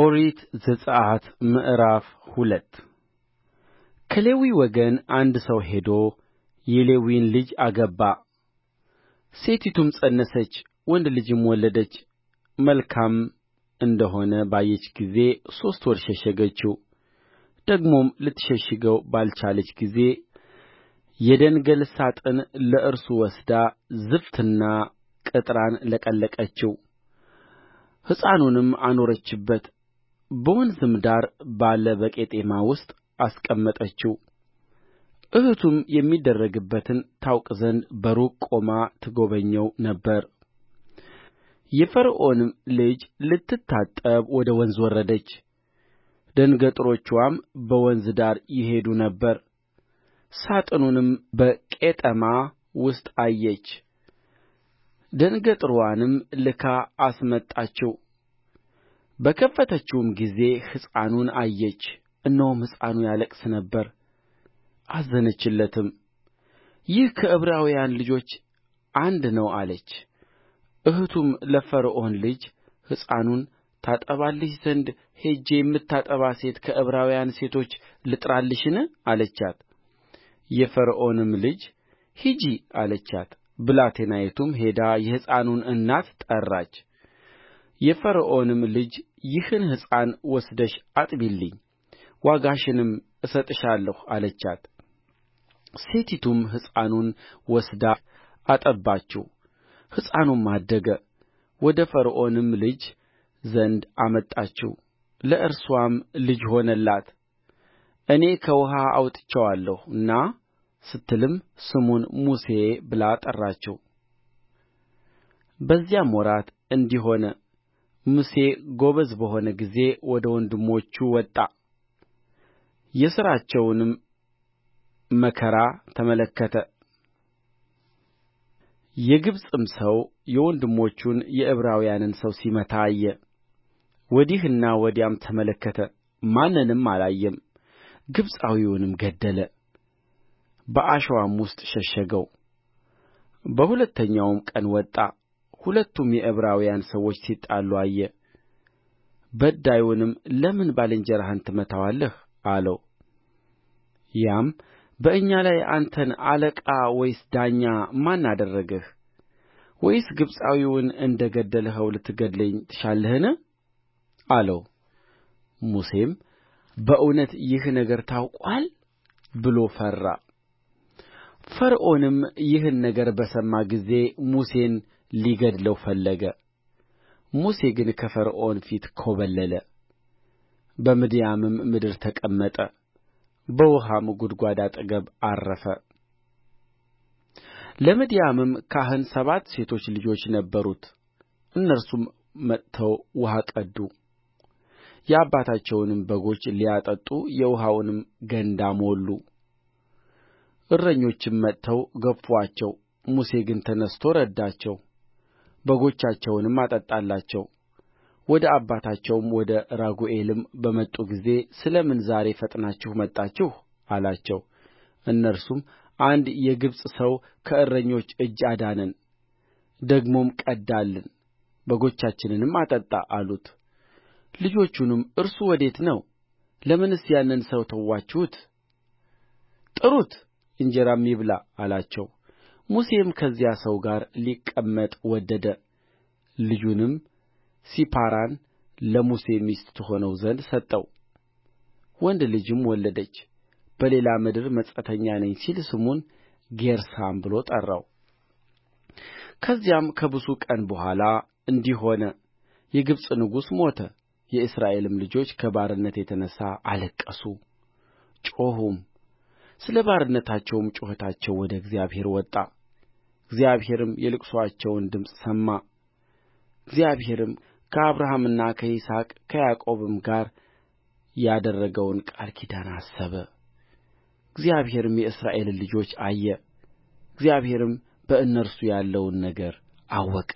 ኦሪት ዘጽአት ምዕራፍ ሁለት ከሌዊ ወገን አንድ ሰው ሄዶ የሌዊን ልጅ አገባ ሴቲቱም ፀነሰች ወንድ ልጅም ወለደች መልካም እንደ ሆነ ባየች ጊዜ ሦስት ወር ሸሸገችው ደግሞም ልትሸሽገው ባልቻለች ጊዜ የደንገል ሣጥን ለእርሱ ወስዳ ዝፍትና ቅጥራን ለቀለቀችው ሕፃኑንም አኖረችበት በወንዝም ዳር ባለ በቄጠማ ውስጥ አስቀመጠችው እኅቱም የሚደረግበትን ታውቅ ዘንድ በሩቅ ቆማ ትጎበኘው ነበር የፈርዖንም ልጅ ልትታጠብ ወደ ወንዝ ወረደች ደንገጥሮችዋም በወንዝ ዳር ይሄዱ ነበር ሣጥኑንም በቄጠማ ውስጥ አየች ደንገጥርዋንም ልካ አስመጣችው በከፈተችውም ጊዜ ሕፃኑን አየች እነሆም ሕፃኑ ያለቅስ ነበር አዘነችለትም ይህ ከዕብራውያን ልጆች አንድ ነው አለች እኅቱም ለፈርዖን ልጅ ሕፃኑን ታጠባልሽ ዘንድ ሄጄ የምታጠባ ሴት ከዕብራውያን ሴቶች ልጥራልሽን አለቻት የፈርዖንም ልጅ ሂጂ አለቻት ብላቴናይቱም ሄዳ የሕፃኑን እናት ጠራች የፈርዖንም ልጅ ይህን ሕፃን ወስደሽ አጥቢልኝ ዋጋሽንም እሰጥሻለሁ አለቻት ሴቲቱም ሕፃኑን ወስዳ አጠባችው ሕፃኑም አደገ ወደ ፈርዖንም ልጅ ዘንድ አመጣችው ለእርስዋም ልጅ ሆነላት እኔ ከውኃ አውጥቼዋለሁና ስትልም ስሙን ሙሴ ብላ ጠራችው በዚያም ወራት እንዲህ ሆነ ሙሴ ጎበዝ በሆነ ጊዜ ወደ ወንድሞቹ ወጣ የሥራቸውንም መከራ ተመለከተ የግብፅም ሰው የወንድሞቹን የዕብራውያንን ሰው ሲመታ አየ ወዲህና ወዲያም ተመለከተ ማንንም አላየም ግብፃዊውንም ገደለ በአሸዋም ውስጥ ሸሸገው በሁለተኛውም ቀን ወጣ ሁለቱም የዕብራውያን ሰዎች ሲጣሉ አየ በዳዩንም ለምን ባልንጀራህን ትመታዋለህ አለው ያም በእኛ ላይ አንተን አለቃ ወይስ ዳኛ ማን አደረገህ ወይስ ግብፃዊውን እንደ ገደልኸው ልትገድለኝ ትሻለህን አለው ሙሴም በእውነት ይህ ነገር ታውቆአል ብሎ ፈራ ፈርዖንም ይህን ነገር በሰማ ጊዜ ሙሴን ሊገድለው ፈለገ ሙሴ ግን ከፈርዖን ፊት ኰበለለ በምድያምም ምድር ተቀመጠ በውኃም ጕድጓድ አጠገብ ዐረፈ ለምድያምም ካህን ሰባት ሴቶች ልጆች ነበሩት እነርሱም መጥተው ውኃ ቀዱ የአባታቸውንም በጎች ሊያጠጡ የውኃውን ገንዳ ሞሉ እረኞችም መጥተው ገፉአቸው ሙሴ ግን ተነሥቶ ረዳቸው በጎቻቸውንም አጠጣላቸው ወደ አባታቸውም ወደ ራጉኤልም በመጡ ጊዜ ስለ ምን ዛሬ ፈጥናችሁ መጣችሁ አላቸው እነርሱም አንድ የግብፅ ሰው ከእረኞች እጅ አዳነን ደግሞም ቀዳልን በጎቻችንንም አጠጣ አሉት ልጆቹንም እርሱ ወዴት ነው ለምንስ ያንን ሰው ተዋችሁት ጥሩት እንጀራም ይብላ አላቸው ሙሴም ከዚያ ሰው ጋር ሊቀመጥ ወደደ ልጁንም ሲፓራን ለሙሴ ሚስት ትሆነው ዘንድ ሰጠው ወንድ ልጅም ወለደች በሌላ ምድር መጻተኛ ነኝ ሲል ስሙን ጌርሳም ብሎ ጠራው ከዚያም ከብዙ ቀን በኋላ እንዲህ ሆነ የግብፅ ንጉሥ ሞተ የእስራኤልም ልጆች ከባርነት የተነሣ አለቀሱ ጮኹም ስለ ባርነታቸውም ጩኸታቸው ወደ እግዚአብሔር ወጣ እግዚአብሔርም የልቅሶአቸውን ድምፅ ሰማ እግዚአብሔርም ከአብርሃምና ከይስሐቅ ከያዕቆብም ጋር ያደረገውን ቃል ኪዳን አሰበ እግዚአብሔርም የእስራኤልን ልጆች አየ እግዚአብሔርም በእነርሱ ያለውን ነገር አወቀ